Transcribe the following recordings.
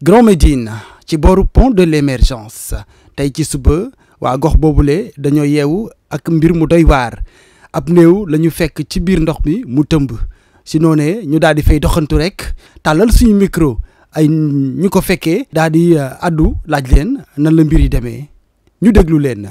Grand Médine ci booru pont de l'émergence tey ci suba waa gox boobule dañoo yeewu ak mbir mu doy waar ab néew la ñu fekk ci biir ndox mi mu tëmb si noonee ñu daal di fay doxantu rek tàllal suñu micro ay ñu ko fekkee daal di euh, addu laaj leen nan la mbir yi demee ñu déglu leen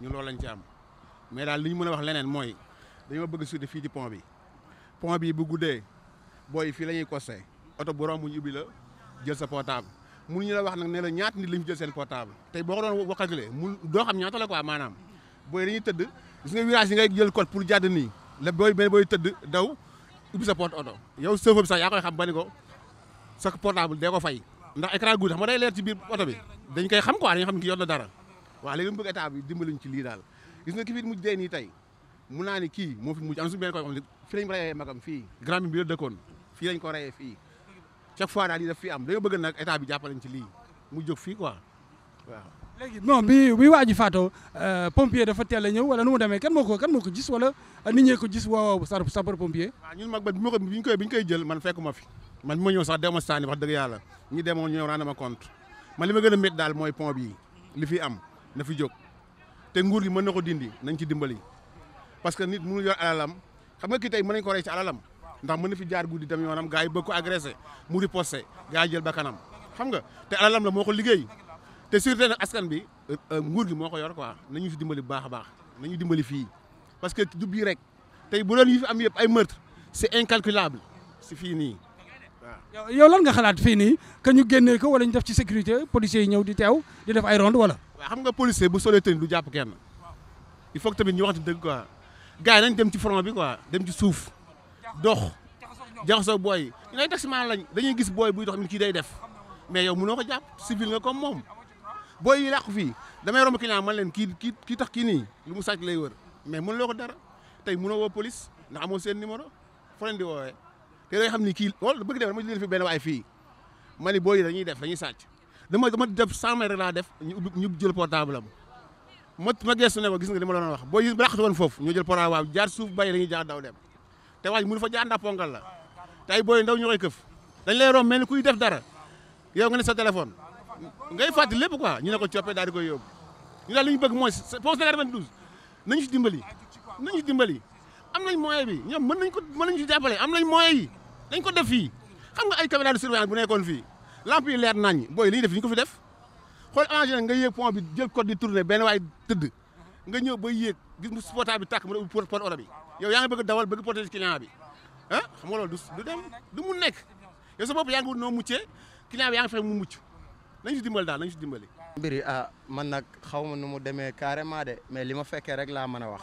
ñu loolu lañ ci am mais daal li ñu mën a wax leneen mooy dañoo bëgg surtout fii ci pont bi pont bi bu guddee booy fii la ñuy costé oto bu romb ñu ubbi la jël sa portable ñu la wax nag ne la ñaata nit la ñu jël seen portable tey boo ko doon waxagulee mun doo xam ñaata la quoi maanaam booy dañuy tëdd gis nga virage ngay jël code pour jàdd nii la booy benn booy tëdd daw ubbi sa porte oto yow sëfa bi sax yaa koy xam ba ni ko sa portable dee ko fay ndax écran gudd xam day leer ci biir oto bi dañ koy xam quoi dañu xam ne ki yor dara waaw léegi mu bëgg état bi dimbaliñ ci lii daal gis nga ki fi mujj dee nii tey mun naa ni kii moo fi mujj am suñu benn ko xam ne fii lañ fii grand bi bi la dëkkoon fii lañ ko rayee fii chaque fois daal yi daf fii am dañoo bëgg nag état bi jàppalañ ci lii mu jóg fii quoi waaw léegi non bi bi waa ji faatoo euh, pompier dafa teel a ñëw wala nu mu demee kan moo ko kan moo ko gis wala nit ñee ko gis woo sapeur pompier ma ko bi koy bi ñu koy jël man fekkuma fi man bi ma ñëw sax deema saani wax dëgg yàlla ñi demoon ñëw rendama compte man li ma gën a métti daal mooy pont bi li fi am na fi jóg te nguur gi mën na ko dindi nañ ci dimbali parce que nit mënu yor alalam xam nga ki tey mën nañ ko rey ci alalam ndax mën na fi jaar guddi dem yoonam gars yi bëgg ko agressé mu riposté gars yi jël ba kanam xam nga te alalam la moo ko liggéey te surtout nag askan bi euh, nguur gi moo ko yor quoi nañu fi dimbali baax a baax nañu dimbali fii parce que du bii rek tey bu doon yi fi am yëpp ay meurtre c' est incalculable si fii nii yow lan nga xalaat fii nii que ñu génnee ko wala ñu def ci sécurité policiers yi ñëw di teew di def ay ronde wala. xam nga policier bu solee tenue du jàpp kenn il faut tamit ñu wax dëgg quoi gars yi nañ dem ci front bi quoi dem ci suuf dox jaxasoo booy yi ñu lay taximaan lañ dañuy gis booy buy dox mi kii day def mais yow mënoo ko jàpp civil nga comme moom booy yi làqu fii damay romb client man leen kii kii kii tax kii nii lu mu sàcc lay wër mais mënuloo ko dara tey mënoo woo police na amoo seen numéro foo leen di woowee. te day xam ni kii loolu bëgg dem dama leen fi benn waay fii ma ni booy dañuy def dañuy sàcc dama dama def cent mètres laa def ñu ubbi ñu jël portable am ma ma gestu ne ko gis nga li ma la wax booy yi laqatu woon foofu ñu jël portable jaar suuf bàyyi dañuy jaar daw dem te waay mënu fa jaar ndax pongal la te ay booy ndaw ñu koy këf dañ lay romb mel ni kuy def dara yow nga ne sa téléphone ngay fàttali lépp quoi ñu ne ko coppe daal di koy yóbbu ñu daal li ñu bëgg mooy poste 92 nañu ci dimbali nañu ci dimbali am nañ bi ñoom mën nañ ko mën nañ ci am nañ moyen yi dañ ko def fii xam nga ay caméra de surveillance bu nekkoon fii lamp yi leer nañ booy li ñu def ñu ko fi def xool arrangé nga yéeg pont bi jël code di tourné benn waay tëdd nga ñëw ba yéeg gis mu supportable bi tàkk mu ne ubbi porte oto bi yow yaa bëgg dawal bëgg protéger client bi ah xam nga loolu du dem du mu nekk yow sa bopp yaa ngi wut noo muccee client bi yaa mu mucc nañ si dimbali daal nañ si dimbali mbir ah man nag xaw ma nu mu demee carrément de mais li ma fekkee rek laa mën a wax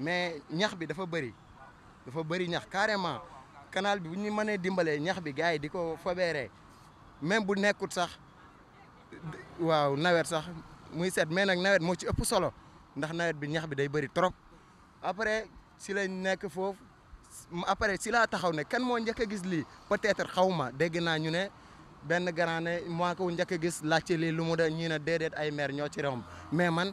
mais ñax bi dafa bëri dafa bëri ñax carrément canal bi bu ñu mënee dimbalee ñax bi gars yi di ko fobeeree même bu nekkut sax waaw nawet sax muy set mais nag nawet moo ci ëpp solo ndax nawet bi ñax bi day bëri trop après si lañ nekk foofu après si laa taxaw ne kan moo njëkk a gis lii peut-être xaw ma dégg naa ñu ne benn grand ne moo ko njëkk a gis laajte lii lu mu da ñii ne déedéet ay maire ñoo ci réewam mais man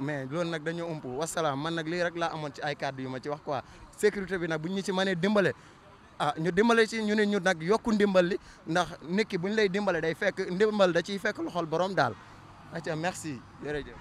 mais loolu nag dañoo ump wasalaam man nag lii rek laa amoon ci ay kàddu yu ma ci wax quoi sécurité bi nag bu ñu ci mënee dimbale ah ñu dimbale ci ñu ne ñu nag yokku ndimbal li ndax nit ki bu ñu lay dimbale day fekk ndimbal da ciy fekk loxol borom daal. acca merci jërëjëf.